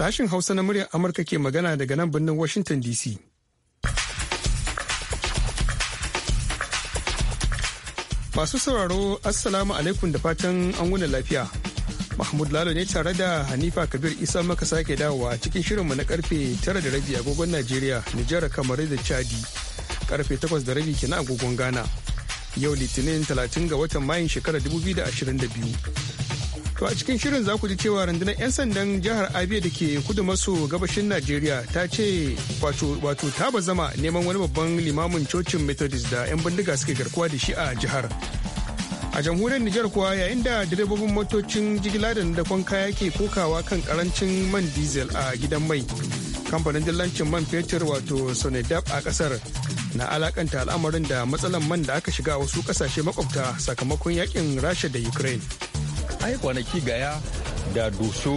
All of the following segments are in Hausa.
Sashin Hausa na muryar Amurka ke magana daga nan birnin Washington DC. Masu sauraro Assalamu alaikum da fatan an wuna lafiya. Mahmud Lalo ne tare da Hanifa Kabir Isa maka sake dawowa cikin shirinmu na karfe 9:30 agogon Najeriya, Nijar, Kamaru da Chadi. Karfe 8:30 kenan agogon Ghana. Yau Litinin 30 ga watan Mayun shekarar 2022. To a cikin shirin za ku ji cewa rundunar 'yan sandan jihar Abia da ke kudu maso gabashin Najeriya ta ce wato ta zama neman wani babban limamin cocin Methodist da 'yan bindiga suke garkuwa da shi a jihar. A jamhuriyar Nijar kuwa yayin da direbobin motocin jigila da dakon kaya ke kokawa kan karancin man diesel a gidan mai. Kamfanin dillancin man fetur wato Sonedab a kasar na alakanta al'amarin da matsalan man da aka shiga wasu kasashe makwabta sakamakon yakin Rasha da Ukraine. ai kwanaki gaya da doso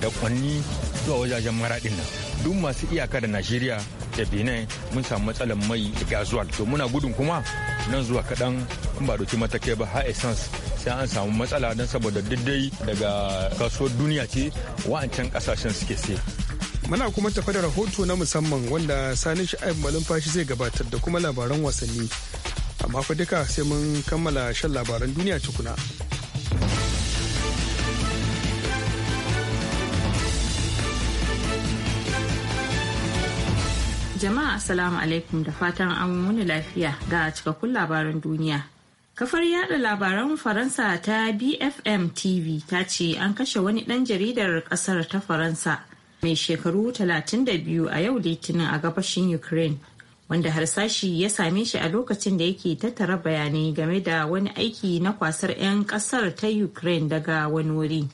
da kwanni zuwa wajajen maraɗin nan duk masu iyaka da najeriya da benin mun samu matsalar mai zuwa to muna gudun kuma nan zuwa kaɗan in ba doki matakai ba har essence sai an samu matsala don saboda diddai daga kasuwar duniya ce wa'ancan kasashen suke sai muna kuma tafa da rahoto na musamman wanda sani sha'ib fashi zai gabatar da kuma labaran wasanni amma fa duka sai mun kammala shan labaran duniya tukuna. Jama'a Assalamu alaikum da fatan an wuni lafiya ga cikakkun labaran duniya. Kafar yada labaran Faransa ta BFM TV ta ce an kashe wani ɗan jaridar ƙasar ta Faransa mai shekaru 32 a yau litinin a gabashin Ukraine wanda harsashi ya same shi a lokacin da yake tattara bayanai game da wani aiki na kwasar 'yan ƙasar ta Ukraine daga wani wuri.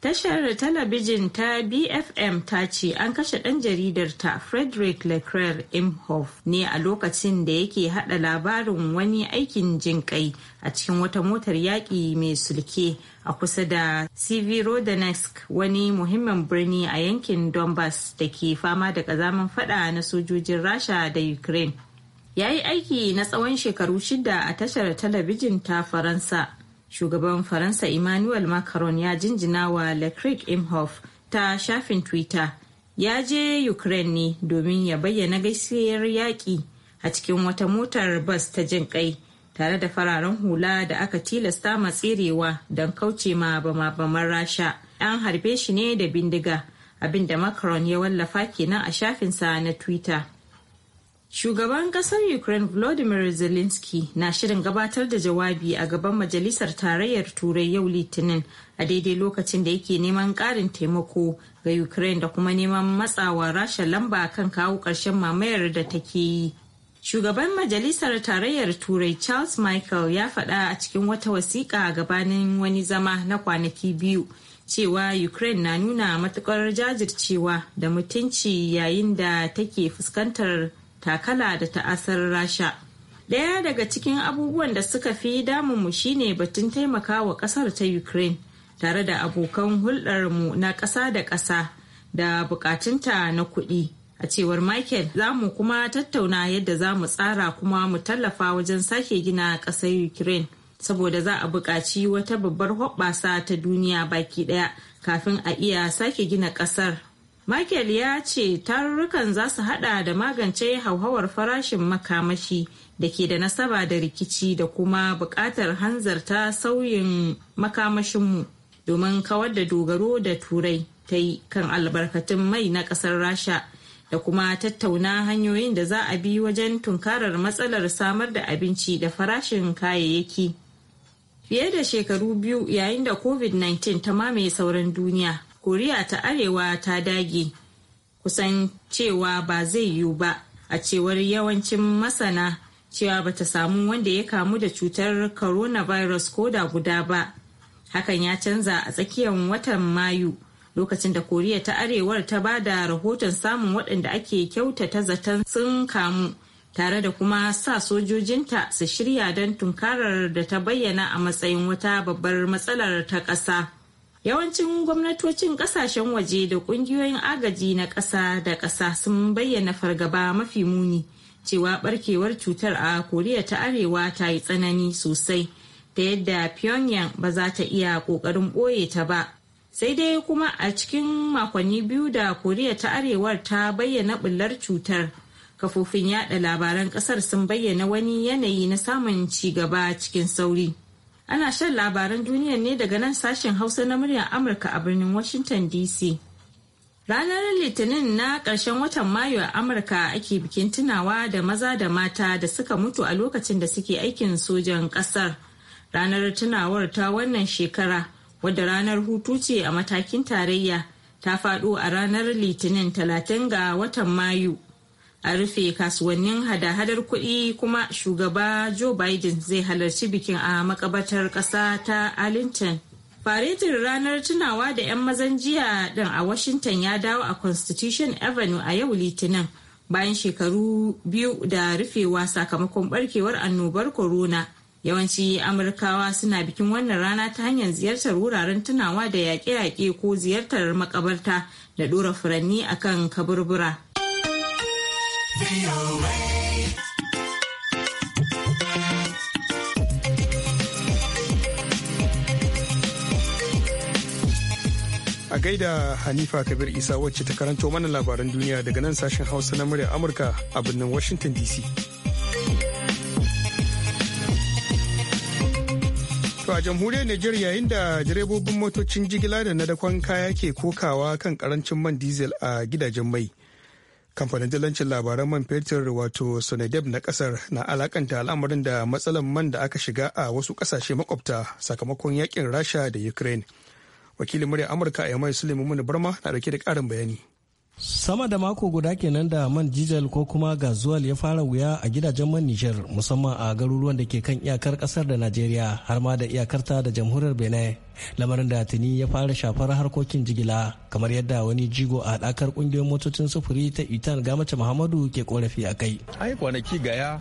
Tashar talabijin ta BFM ta ce an kashe ɗan jaridar ta Frederick Leclerc Imhoff ne a lokacin da yake hada labarin wani aikin jin kai a cikin wata motar yaƙi mai sulke a kusa da C.V. Severodonetsk wani muhimmin birni a yankin Donbass da ke fama da ƙazamin fada na sojojin Rasha da Ukraine. Ya yi aiki na tsawon shekaru shida a tashar talabijin ta Faransa. Shugaban Faransa Emmanuel Macron ya jinjina wa Leclerc Imhoff ta shafin Twitter ya je Ukraine ne domin ya bayyana gaisiyar yaƙi a cikin wata motar bas ta jin kai tare da fararen hula da aka tilasta ma tserewa don kauce ma bama-baman rasha. An harbe shi ne da bindiga abinda Macron ya wallafa kenan a shafinsa na Twitter. Shugaban kasar Ukraine Volodymyr Zelensky na shirin gabatar da jawabi a gaban Majalisar Tarayyar Turai yau Litinin a daidai lokacin da yake neman ƙarin taimako ga Ukraine da kuma neman matsawa rasha lamba kan kawo ƙarshen mamayar da take yi. Shugaban Majalisar Tarayyar Turai Charles Michael ya faɗa a cikin wata wasiƙa a gabanin wani zama na kwanaki biyu. cewa ukraine na nuna matukar jajircewa da mutunci yayin da take fuskantar takala da ta'asar rasha ɗaya daga cikin abubuwan da suka fi damunmu shine batun taimaka wa ƙasar ta ukraine tare da abokan hulɗarmu na ƙasa da ƙasa da bukatunta na kuɗi a cewar michael za mu kuma tattauna yadda za mu tsara kuma mu tallafa wajen sake gina ƙasar ukraine saboda za a buƙaci wata babbar hoɓɓasa ta duniya baki ɗaya kafin a iya sake gina ƙasar Michael ya ce tarurrukan za su hada da magance hauhawar farashin makamashi da ke da nasaba da rikici da kuma buƙatar hanzarta sauyin makamashinmu domin kawar da dogaro da turai ta yi kan albarkatun mai na ƙasar rasha da kuma tattauna hanyoyin da za a bi wajen tunkarar matsalar samar da abinci da farashin kayayyaki. Fiye da shekaru biyu yayin da COVID-19 ta mamaye sauran duniya, koriya ta arewa ta dage kusan cewa ba zai yiwu ba a cewar yawancin masana cewa bata samu wanda ya kamu da cutar coronavirus ko da guda ba hakan ya canza a tsakiyar watan mayu lokacin da koriya ta arewar ta ba da rahoton samun waɗanda ake kyautata zaton sun kamu tare da kuma sa sojojinta su shirya don tunkarar da ta bayyana a matsayin wata babbar matsalar ta ƙasa Yawancin gwamnatocin kasashen waje da kungiyoyin agaji na ƙasa da ƙasa sun bayyana fargaba mafi muni cewa barkewar cutar a Koriya ta Arewa ta yi tsanani sosai ta yadda Pyongyang ba za ta iya ƙoƙarin ɓoye ta ba. Sai dai kuma a cikin makonni biyu da Koriya ta Arewar ta bayyana bullar cutar. Kafofin yada labaran ƙasar sun bayyana wani yanayi na samun ci gaba cikin sauri. Ana shan labaran duniya ne daga nan sashen Hausa na muryar Amurka a birnin Washington DC. Ranar Litinin na ƙarshen watan Mayu a Amurka ake bikin tunawa da maza da mata da suka mutu a lokacin da suke aikin sojan ƙasar. Ranar tunawar ta wannan shekara, wadda ranar hutu ce a matakin tarayya, ta faɗo a ranar Litinin 30 ga watan Mayu. a rufe kasuwannin hada-hadar kuɗi kuma shugaba joe biden zai halarci bikin a makabatar ƙasa ta arlington faretin ranar tunawa da 'yan mazan jiya ɗin a washington ya dawo a constitution avenue a yau litinin bayan shekaru biyu da rufewa sakamakon barkewar annobar corona yawanci amurkawa suna bikin wannan rana ta hanyar ziyartar wuraren tunawa da yaƙe-yaƙe ko ziyartar makabarta da ɗora furanni akan kaburbura A gaida Hanifa Kabir Isa wacce ta karanto mana labaran duniya daga nan sashen Hausa na murya Amurka a birnin Washington DC. To a jamhuriyar Nijar yayin da direbobin motocin jigila da na dakon kaya ke kokawa kan karancin man diesel a gidajen mai. kamfanin dillancin labaran man fetur wato sonadeb na kasar na alakanta al'amarin da matsalan man da aka shiga a wasu kasashe makwabta sakamakon yakin rasha da ukraine wakilin murya amurka a yamai suleiman barma na dauke da karin bayani Sama da mako guda kenan da man jijal ko kuma gazuwal ya fara wuya a gidajen man Nijar musamman a garuruwan da ke kan iyakar kasar da Najeriya har ma da iyakarta da jamhuriyar Benin. Lamarin da tuni ya fara shafar harkokin jigila kamar yadda wani jigo a haɗakar ƙungiyoyin motocin sufuri ta Itan ga mace Muhammadu ke korafi a kai. Ai kwanaki gaya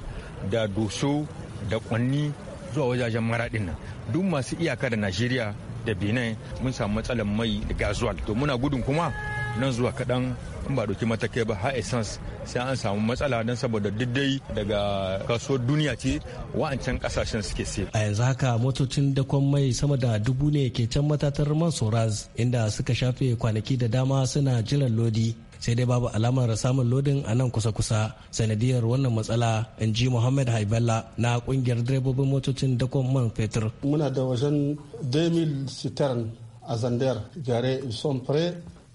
da doso da kwanni zuwa wajajen maraɗin nan duk masu iyaka da Najeriya da Benin mun samu matsalar mai da gazuwal to muna gudun kuma nan zuwa kaɗan in ba ɗauki matakai ba har essence sai an samu matsala don saboda diddai daga kasuwar duniya ce wa'ancan kasashen suke sai. A yanzu haka motocin dakon mai sama da dubu ne ke can matatar mansoras inda suka shafe kwanaki da dama suna jiran lodi. sai dai babu alamar samun lodin a nan kusa-kusa sanadiyar wannan matsala in ji muhammad haibala na kungiyar direbobin motocin dakon man fetur muna da wajen 2000 a zandar gare son pre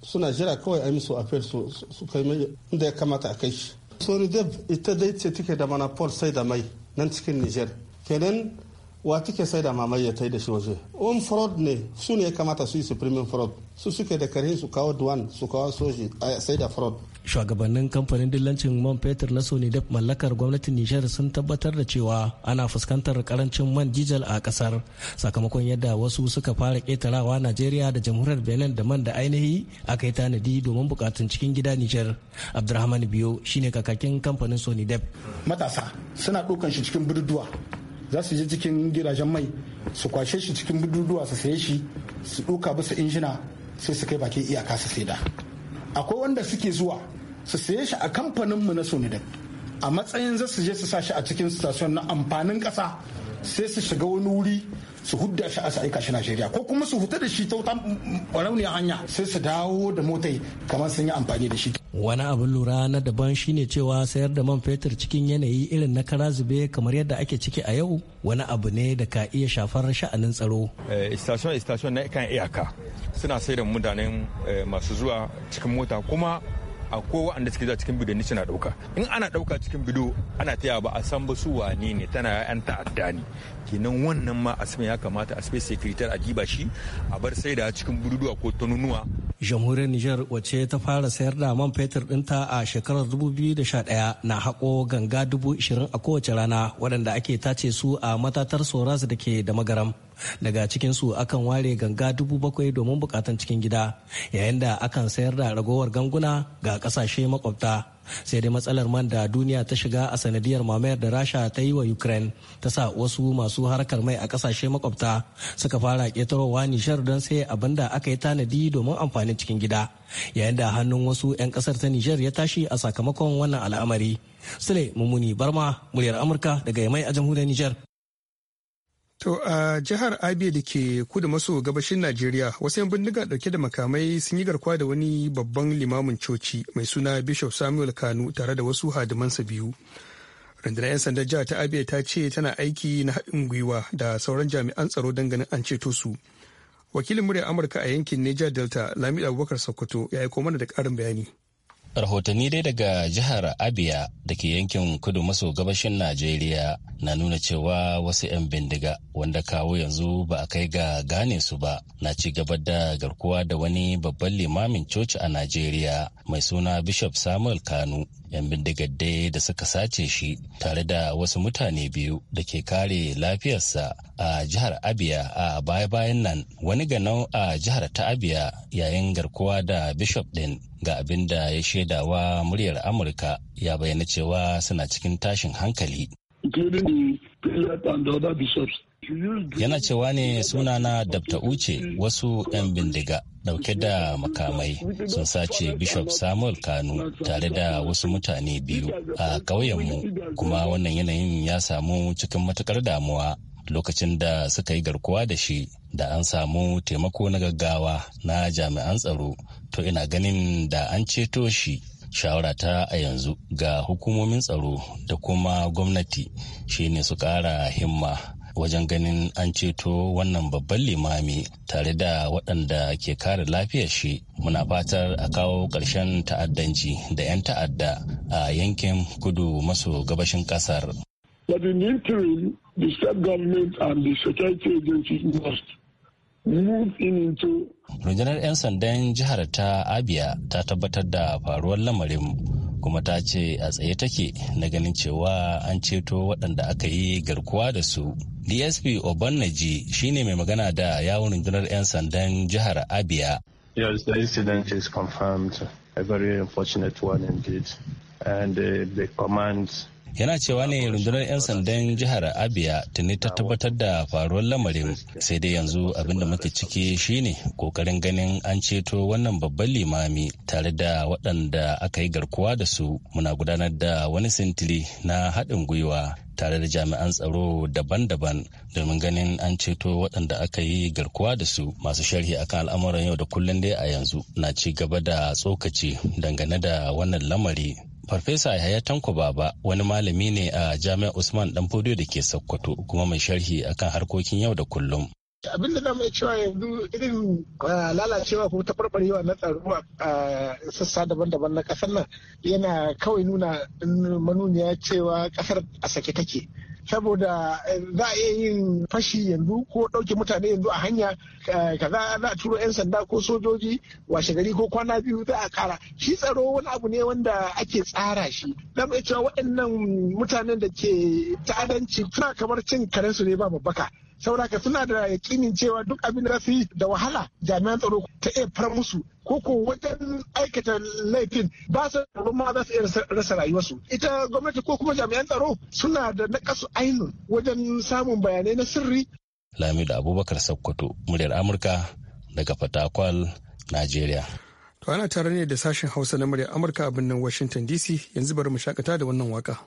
suna jira kawai a musu afel su kai mai inda ya kamata a kai shi soridep ita dai ce take da Paul sai da mai nan cikin niger kenan wa take sai da mamaye ya yi da shi waje on fraud ne su ne ya kamata su yi supreme fraud su suke da karhin su kawo duwan su kawo soji a sai da fraud shugabannin kamfanin dillancin man fetur na sony da mallakar gwamnatin nijar sun tabbatar da cewa ana fuskantar karancin man jijal a kasar sakamakon yadda wasu suka fara ketarawa najeriya da jamhuriyar benin da man da ainihi aka yi tanadi domin bukatun cikin gida nijar abdurrahman biyo shine kakakin kamfanin sony sonidep matasa suna ɗaukan shi cikin bududuwa za su je cikin gidajen mai su kwashe shi cikin bududuwa su saye shi su ɗauka bisa injina sai su kai bakin iyaka su saida akwai wanda suke zuwa su saye shi a kamfaninmu na sonidec a matsayin za su je su sa shi a cikin station na amfanin kasa sai su shiga wani wuri su hudda shi a su aika shi Najeriya ko kuma su huta da shi ta wuta rauniya hanya sai su dawo da motai kamar sun yi amfani da shi. Wani abin lura na daban shine cewa sayar da man fetur cikin yanayi irin na kara zube kamar yadda ake ciki a yau wani abu ne da ka iya shafar sha'anin tsaro. Eh, station station na kan iyaka suna sayar da mutanen eh, masu zuwa cikin mota kuma A ko waɗanda suke zuwa cikin ni suna ɗauka in ana ɗauka cikin bido ana taya ba a san ba su wane ne tana yan ta'adda ne kenan wannan ma asibin ya kamata a asibin sekretar a diba shi a bar sai da cikin bududuwa ko tanunuwa jamhuriyar niger wacce ta fara sayar da man fetur ɗinta a shekarar 2011 na haƙo ganga 20,000 a kowace rana waɗanda ake tace su a matatar soras da ke da magaram daga cikinsu akan ware ganga 7,000 domin bukatan cikin gida yayin da akan sayar da ragowar ganguna ga ƙasashe makwabta sai dai matsalar man da duniya ta shiga a sanadiyar mamayar da rasha ta yi wa ukraine ta sa wasu masu harkar mai a kasashe makwabta suka fara ƙetarowa nishar don sai abin da aka yi tanadi domin amfanin cikin gida yayin da hannun wasu 'yan kasar ta nijar ya tashi a sakamakon wannan al'amari sule mummuni barma muryar amurka daga yamai a jamhuriyar nijar To a jihar Abia da ke kudu maso gabashin Najeriya wasu 'yan bindiga dauke da makamai sun yi garkuwa da wani babban limamin coci mai suna Bishop Samuel Kanu tare da wasu hadimansa biyu. Rundunar 'yan sandar jihar ta Abia ta ce tana aiki na haɗin gwiwa da sauran jami'an tsaro ganin an ceto su. Wakilin muryar Amurka a yankin Niger Delta Lamidu Abubakar Sokoto ya aiko mana da ƙarin bayani. rahotanni dai daga jihar abia da ke yankin kudu maso gabashin najeriya na nuna cewa wasu 'yan bindiga wanda kawo yanzu ba a kai ga gane su ba na ci gaba da garkuwa da wani babban limamin coci a najeriya mai suna bishop samuel kanu 'yan bindigar dai da suka sace shi tare da wasu mutane biyu da ke kare lafiyarsa a jihar abia a baya-bayan nan wani ganau a jihar ta abia yayin garkuwa da bishop din ga abin da ya shaida wa muryar amurka ya bayyana cewa suna cikin tashin hankali yana cewa ne sunana dabta uce wasu 'yan bindiga dauke da makamai sun sace bishop samuel kanu tare da wasu mutane biyu a ƙauyenmu kuma wannan yanayin ya samu cikin matukar damuwa lokacin da suka yi garkuwa da shi da an samu taimako na gaggawa na jami'an tsaro to ina ganin da an ceto shi shawara ta a yanzu ga hukumomin tsaro da kuma gwamnati shine su ƙara himma wajen ganin an ceto wannan babban limami tare da waɗanda ke kare lafiyar shi muna fatar a kawo ƙarshen ta'addanci da 'yan ta'adda a yankin kudu maso gabashin ƙasar. But in the interim, the state government and the security agencies must move in into. Rundunar 'yan sandan jihar ta Abia ta tabbatar da faruwar lamarin kuma ta ce a tsaye take na ganin cewa an ceto waɗanda aka yi garkuwa da su. DSP shi shine mai magana da yawon rundunar 'yan sandan jihar Abia. Yes, the incident is confirmed. A very unfortunate one indeed. And uh, the command yana cewa ne rundunar 'yan sandan jihar abia tuni ta tabbatar da faruwar lamarin sai dai yanzu abin da muke ciki shine kokarin ganin an ceto wannan babban limami tare da waɗanda aka yi garkuwa da su muna gudanar da wani sintiri na haɗin gwiwa tare da jami'an tsaro daban-daban domin ganin an ceto waɗanda aka yi garkuwa da su masu sharhi akan al'amuran yau da kullum dai a yanzu na ci gaba da tsokaci dangane da wannan lamari Farfesa Yahaya Tanko Baba wani malami ne a Jami'ar Usman fodiyo da ke Sokoto kuma mai sharhi akan harkokin yau da kullum. abinda da mai cewa yanzu irin uh, lalacewa ko taɓarɓarewa na tsaro a sassa daban-daban na ƙasar nan yana kawai nuna manuniya cewa ƙasar a sake take saboda eh, za a iya yin fashi yanzu ko ɗauke mutane yanzu a hanya eh, kaza za a turo 'yan sanda ko sojoji washe gari ko kwana biyu za a kara shi tsaro wani abu ne wanda ake tsara shi za mu cewa waɗannan mutanen da ke ta'adanci suna kamar cin karensu ne ba babbaka saboda suna da yakinin cewa duk abin da su yi da wahala jami'an tsaro ta iya far musu ko ko wajen aikata laifin ba su ma za su iya rasa rayuwarsu ita gwamnati ko kuma jami'an tsaro suna da nakasu ainun wajen samun bayanai na sirri lamidu abubakar sakkwato muryar amurka daga fatakwal nigeria to ana tare ne da sashen hausa na muryar amurka a birnin washington dc yanzu bari mu shakata da wannan waka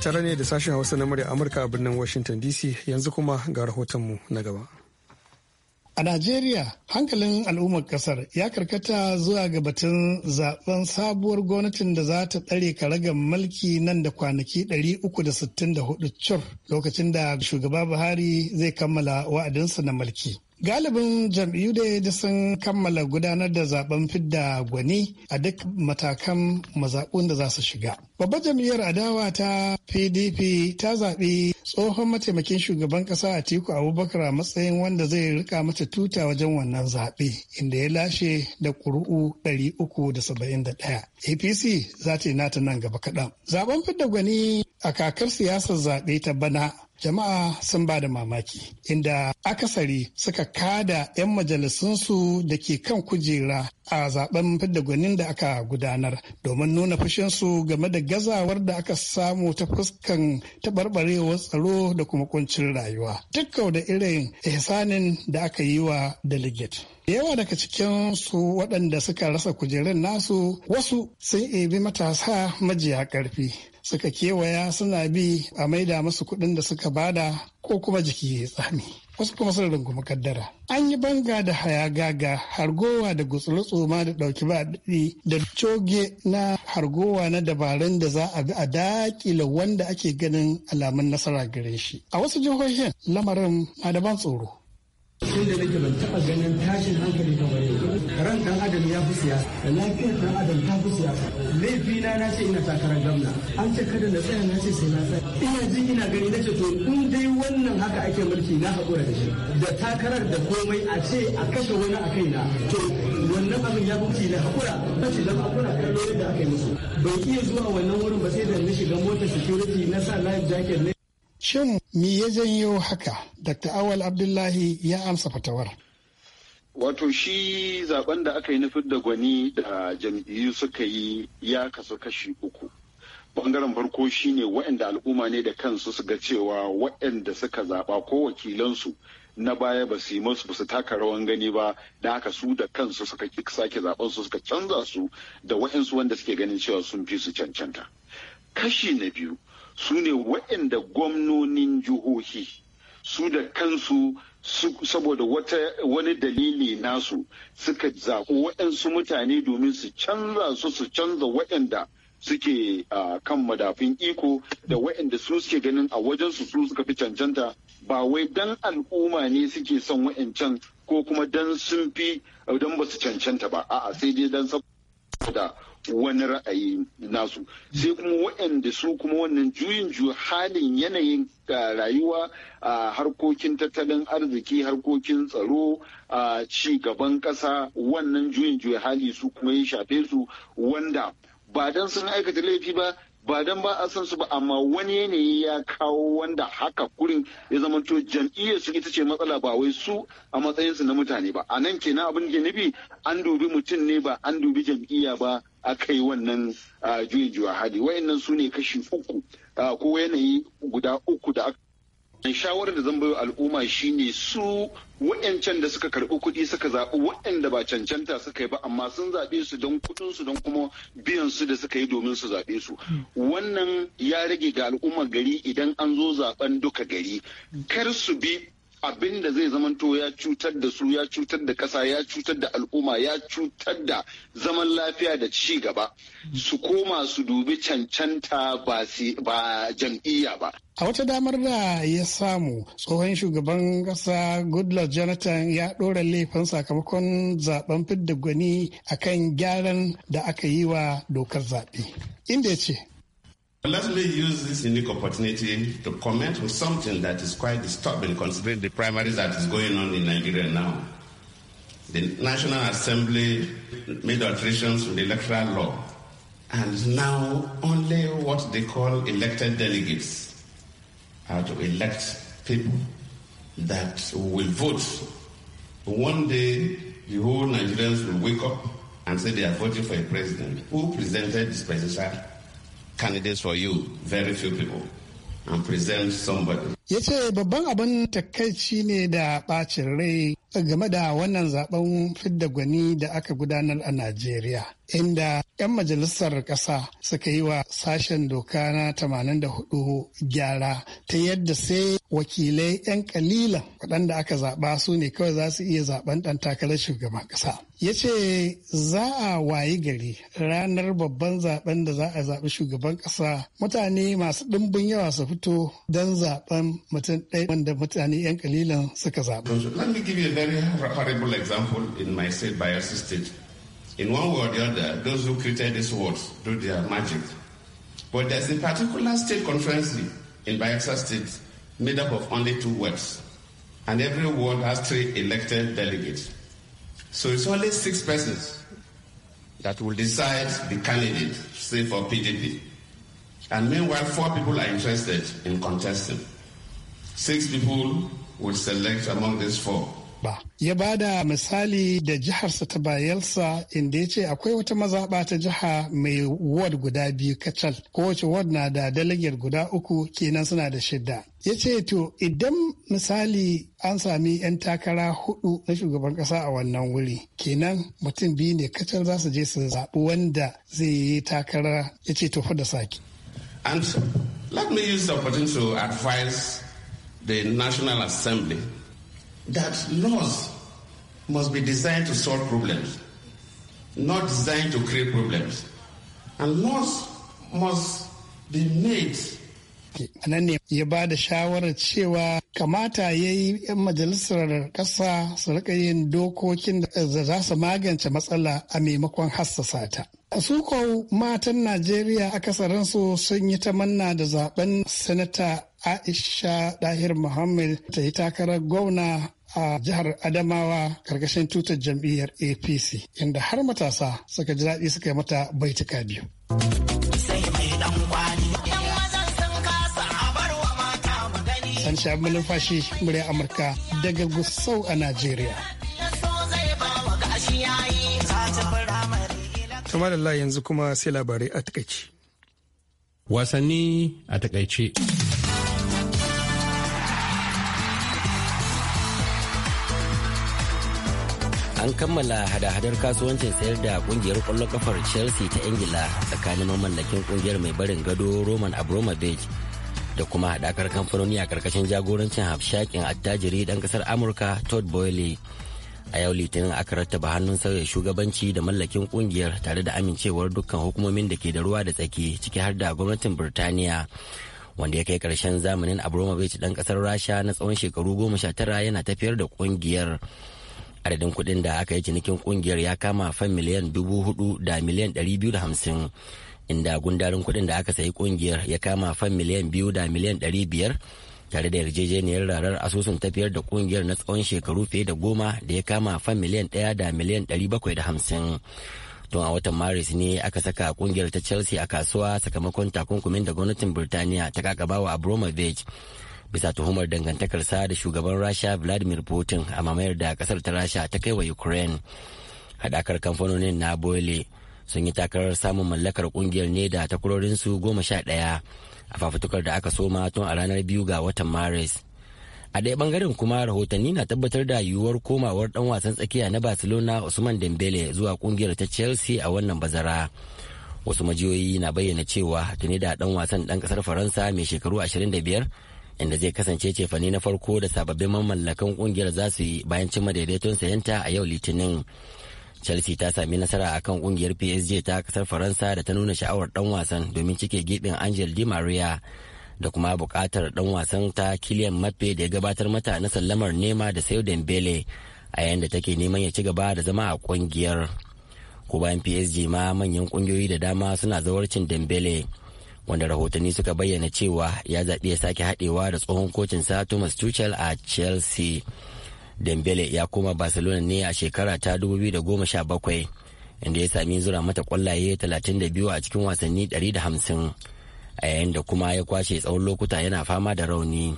tare ne da sashen hausa na murya amurka a birnin washington dc yanzu kuma ga rahotonmu na gaba a najeriya hankalin al'ummar kasar ya karkata zuwa ga batun zaben sabuwar gwamnatin da za ta tsare karagar mulki nan da kwanaki 364 cur lokacin da shugaba buhari zai kammala wa'adinsa na mulki Galibin jam'iyyu da sun kammala gudanar da zaben fidda gwani a duk matakan mazaƙun da za su shiga. Babbar jam'iyyar adawa ta PDP ta zaɓi tsohon mataimakin shugaban ƙasa a Tiku Abubakar a matsayin wanda zai rika mata tuta wajen wannan zaɓe inda ya lashe da ƙuri'u 371. APC za ta yi nata nan gaba kaɗan. Zaben fidda gwani a kakar siyasar zaɓe ta bana jama'a sun ba da mamaki inda akasari suka kada 'yan majalisunsu da ke kan kujera a zaben fidda gwanin da aka gudanar domin nuna fushinsu game da gazawar da aka samu ta fuskan taɓarɓarewar tsaro da kuma kuncin rayuwa duk da irin ihsanin da aka yi wa delegate. Da yawa daga cikin su waɗanda suka rasa kujerun nasu wasu sun ebi matasa majiya ƙarfi. Suka kewaya suna bi a maida musu kuɗin da suka bada ko kuma jiki ya tsami. Wasu kuma sun rungumi kaddara. An yi banga da hayagaga, hargowa da gutsulutsu ma da ɗauki ba daɗi da coge na hargowa na dabarun da za a bi a daƙila wanda ake ganin alamun nasara gare shi. A wasu jihohin lamarin na daban tsoro. tun da nake ban taɓa ganin tashin hankali kamar yau ran ɗan adam ya fi siyasa lafiyar ɗan adam ta fi siyasa laifi na ce ina takarar gamna an ce kada na tsaya na ce sai na tsaya ina jin ina gani na ce to in dai wannan haka ake mulki na haƙura da shi da takarar da komai a ce a kashe wani a kaina to wannan abin ya fi na haƙura na ce zama haƙura kan da aka yi musu bai iya zuwa wannan wurin ba sai da na shiga motar security na sa life jacket Shin me ya janyo haka? Dr. Awal Abdullahi ya amsa fatawar. Wato shi zaben da aka yi nufin da gwani da jam'iyyu suka yi ya kasu kashi uku. Bangaren farko shi ne wa'anda al'umma ne da kansu su ga cewa wa'anda suka zaɓa ko wakilansu na baya ba su yi masu ba su taka rawan gani ba da haka su da kansu suka sake zaben su suka canza su da wa'ansu wanda suke ganin cewa sun fi su cancanta. Kashi na biyu su ne waɗanda gwamnonin jihohi su da kansu saboda wani dalili nasu suka zaɓi waɗansu mutane domin su canza su su canza waɗanda suke kan madafin iko da waɗanda su suke ganin a wajensu su suka fi cancanta ba wai dan al'umma ne suke son waɗancan ko kuma dan sun fi dan ba su cancanta ba a'a sai dai dan saboda wani ra'ayi nasu sai kuma waɗanda su kuma wannan juyin juya halin yanayin uh, rayuwa a uh, harkokin tattalin arziki harkokin tsaro a uh, ci gaban ƙasa wannan juyin juya hali su kuma ya shafe su wanda ba don sun aikata laifi ba ba don ba a san su ba amma wani yanayi ya kawo wanda haka kurin ya zama to jam'iyyar su ita ce matsala ba wai su a matsayinsu na mutane ba a nan kenan abin da nufi an dubi mutum ne ba an dubi jam'iyya ba aka yi wannan juyin hali wayannan su ne kashi uku ko yanayi guda uku da aka shawarar da zan bayo al'umma shine su wa'yancan da suka karɓi kuɗi suka zaɓi wa'yanda ba cancanta suka yi ba amma sun zaɓe su don kuɗinsu su don kuma biyan su da suka yi domin su zaɓe su wannan ya rage ga al'ummar gari idan an zo zaɓen duka gari kar su bi abin da zai zamanto ya cutar da su ya cutar da ƙasa ya cutar da al'umma ya cutar da zaman lafiya da ci gaba su koma su dubi cancanta ba jam'iyya ba. A wata damar da ya samu tsohon shugaban kasa Goodluck Jonathan ya ɗora laifin sakamakon zaben fidda gwani akan gyaran da aka yi wa dokar zaɓe. Inda ya ce Let me use this unique opportunity to comment on something that is quite disturbing considering the primaries that is going on in Nigeria now. The National Assembly made alterations to the electoral law, and now only what they call elected delegates are to elect people that will vote. One day, the whole Nigerians will wake up and say they are voting for a president. Who presented this presidential candidates for you, very few people. And present somebody. Ya ce babban abin takaici ne da ɓacin rai game da wannan zaben fidda gwani da aka gudanar a Najeriya. inda 'yan majalisar ƙasa suka yi wa sashen doka na 84 gyara ta yadda sai wakilai 'yan kalilan waɗanda aka zaɓa su ne kawai za su iya zaɓen ɗan takarar shugaban ƙasa. Ya ce za a wayi gari ranar babban zaɓen da za a zaɓi shugaban ƙasa mutane masu ɗimbin yawa su fito don zaɓen mutum ɗaya wanda mutane 'yan kalilan suka zaɓa. In one way or the other, those who created this world do their magic. But there's a particular state conference in Bayelsa State made up of only two words, and every ward has three elected delegates. So it's only six persons that will decide the candidate, say for PDP. And meanwhile, four people are interested in contesting. Six people will select among these four Ba ya ba da misali da jiharsa ta bayelsa inda ya ce akwai wata mazaɓa ta jiha mai ward guda biyu kacal kowace ward na da delegate guda uku kenan suna da shidda ya ce to idan misali an sami 'yan takara hudu na shugaban kasa a wannan wuri kenan mutum biyu ne kacal za su je su zaɓi wanda zai yi takara ya ce to da saki. and let me use the opportunity to advise the national assembly that laws must be designed to solve problems, not designed to create problems. And laws must be made nan ne ya ba da shawarar cewa kamata ya yi 'yan majalisar ƙasa su rika yin dokokin da za su magance matsala a maimakon hassasa ta. Suko matan Najeriya akasarinsu sun yi manna da zaben sanata Aisha Dahir Muhammad ta yi takarar gwamna a jihar Adamawa karkashin tutar jam'iyyar APC inda har matasa suka ji daɗi suka yi mata baituka biyu. San shabi malumfashi murya Amurka daga Gusau a Najeriya. Kamar da yanzu kuma sai labarai a takaice. Wasanni a takaice. an kammala hada-hadar kasuwancin sayar da kungiyar kwallon kafar chelsea ta ingila tsakanin mamallakin kungiyar mai barin gado roman abramovich da kuma hadakar kamfanoni a karkashin jagorancin hafshakin attajiri dan kasar amurka todd boyle a yau litinin aka rattaba hannun sauya shugabanci da mallakin kungiyar tare da amincewar dukkan hukumomin da ke da ruwa da tsaki ciki har da gwamnatin birtaniya wanda ya kai karshen zamanin abramovich dan kasar rasha na tsawon shekaru goma sha tara yana tafiyar da kungiyar adadin kuɗin da aka yi cinikin kungiyar ya kama fan miliyan dubu hudu da miliyan ɗari biyu da hamsin inda gundarin kuɗin da aka sayi kungiyar ya kama fan miliyan biyu da miliyan ɗari biyar tare da yarjejeniyar rarar asusun tafiyar da kungiyar na tsawon shekaru fiye da goma da ya kama fan miliyan ɗaya da miliyan ɗari bakwai da hamsin tun a watan maris ne aka saka kungiyar ta chelsea a kasuwa sakamakon takunkumin da gwamnatin birtaniya ta kakabawa Bromovich. bisa tuhumar dangantakarsa da shugaban rasha vladimir putin a mamayar da kasar ta rasha ta kai wa ukraine hadakar kamfanonin na boyle sun yi takarar samun mallakar kungiyar ne da takurorinsu goma sha daya a fafutukar da aka soma tun a ranar biyu ga watan maris a ɗaya bangaren kuma rahotanni na tabbatar da yiwuwar komawar dan wasan tsakiya na barcelona usman dembele zuwa kungiyar ta chelsea a wannan bazara wasu majiyoyi na bayyana cewa tuni da dan wasan dan kasar faransa mai shekaru 25 inda zai kasance cefani na farko da sababbin mamallakan kungiyar za su yi bayan cin daidaiton sayanta a yau litinin chelsea ta sami nasara akan kungiyar psg ta kasar faransa da ta nuna sha'awar dan wasan domin cike gibin angel di maria da kuma bukatar dan wasan ta kilian mappe da ya gabatar mata na sallamar nema da sayo dembele a yayin da take neman ya ci gaba da zama a kungiyar ko bayan psg ma manyan kungiyoyi da dama suna zawarcin dembele wanda rahotanni suka bayyana cewa ya zaɓi ya sake haɗewa da tsohon kocin sa Thomas Tuchel a Chelsea. Dembele ya koma Barcelona ne a shekara ta 2017 inda ya sami zura mata kwallaye 32 a cikin wasanni 150 a yayin da kuma ya kwashe tsawon lokuta yana fama da rauni.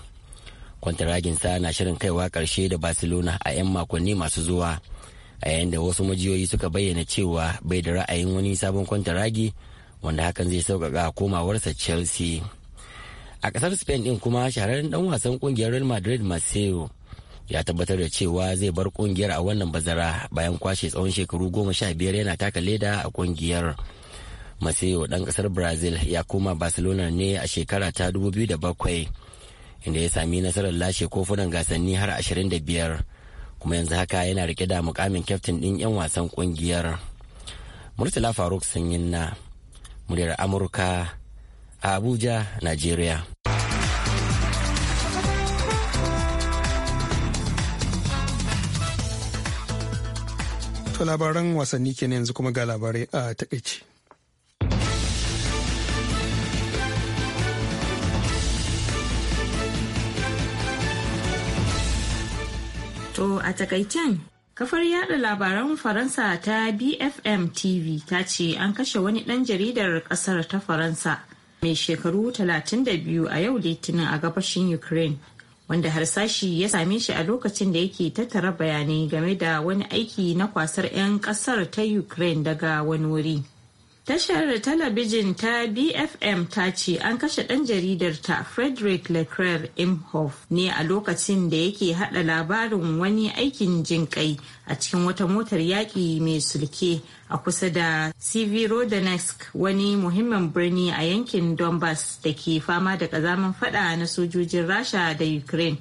Kwantaraginsa na shirin kaiwa ƙarshe da Barcelona a 'yan makonni masu zuwa a yayin da wasu majiyoyi suka bayyana cewa bai da ra'ayin wani sabon kwantaragi wanda hakan zai sauƙaƙa komawarsa chelsea a ƙasar spain ɗin kuma shahararren ɗan wasan ƙungiyar real madrid maceo ya tabbatar da cewa zai bar ƙungiyar a wannan bazara bayan kwashe tsawon shekaru goma sha biyar yana taka leda a ƙungiyar maceo ɗan ƙasar brazil ya koma barcelona ne a shekara ta da bakwai inda ya sami nasarar lashe kofunan gasanni har ashirin da biyar kuma yanzu haka yana rike da mukamin kyaftin ɗin 'yan wasan ƙungiyar murtala faruk sanyin na muryar amurka a abuja najeriya to labaran wasanni kenan yanzu kuma ga labarai a takaici To a takaicen Kafar yada labaran Faransa ta BFM TV ta ce an kashe wani ɗan jaridar ƙasar ta Faransa mai shekaru 32 a yau Litinin a gabashin Ukraine, wanda harsashi ya same shi a lokacin da yake tattara bayanai game da wani aiki na kwasar 'yan ƙasar ta Ukraine daga wani wuri. Tashar talabijin ta BFM ta ce an kashe ɗan jaridar ta Frederick Leclerc Imhoff ne a lokacin da yake hada labarin wani aikin jinƙai a cikin wata motar yaƙi mai sulke a kusa da cv Severodonetsk wani muhimmin birni a yankin Donbass da ke fama da ƙazamin fada na sojojin Rasha da Ukraine.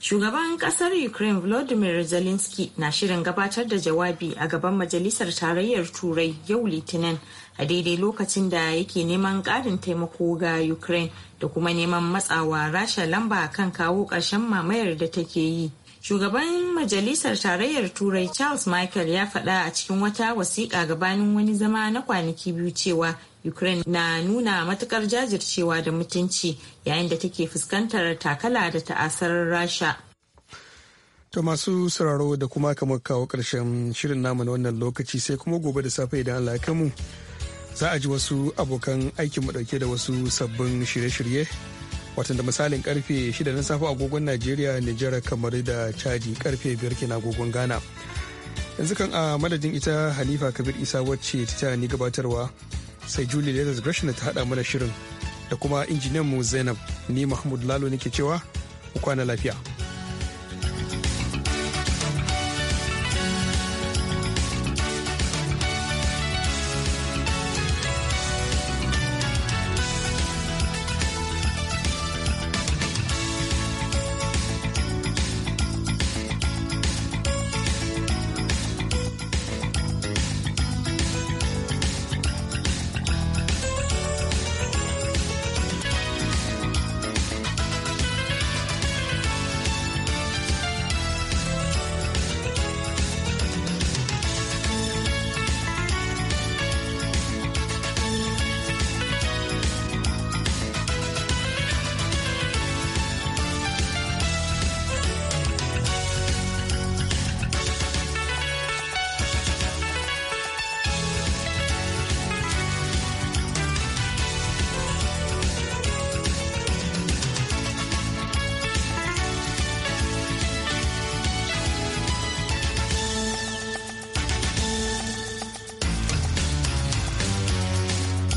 Shugaban kasar Ukraine Vladimir Zelensky na shirin gabatar da jawabi a gaban Majalisar Tarayyar Turai yau Litinin a daidai lokacin da yake neman ƙarin taimako ga ukraine da kuma neman matsawa rasha lamba kan kawo ƙarshen mamayar da take yi shugaban majalisar tarayyar turai charles michael ya faɗa a cikin wata wasiƙa gabanin wani zama na kwanaki biyu cewa ukraine na nuna matukar jajircewa da mutunci yayin da take fuskantar takala da ta'asar rasha To masu sauraro da kuma kamar kawo ƙarshen shirin namu na wannan lokaci sai kuma gobe da safe idan Allah ya za a ji wasu abokan aikin mu dauke da wasu sabbin shirye-shirye watan da misalin karfe 6 na safe agogon Najeriya, Nijar kamar da Chadi karfe 5 kenan agogon Ghana. Yanzu kan a madadin ita halifa Kabir Isa wacce ta ni gabatarwa sai Julie Letters Gresham ta hada mana shirin da kuma injiniyan mu Zainab ni Mahmud Lalo nake cewa ku kwana lafiya.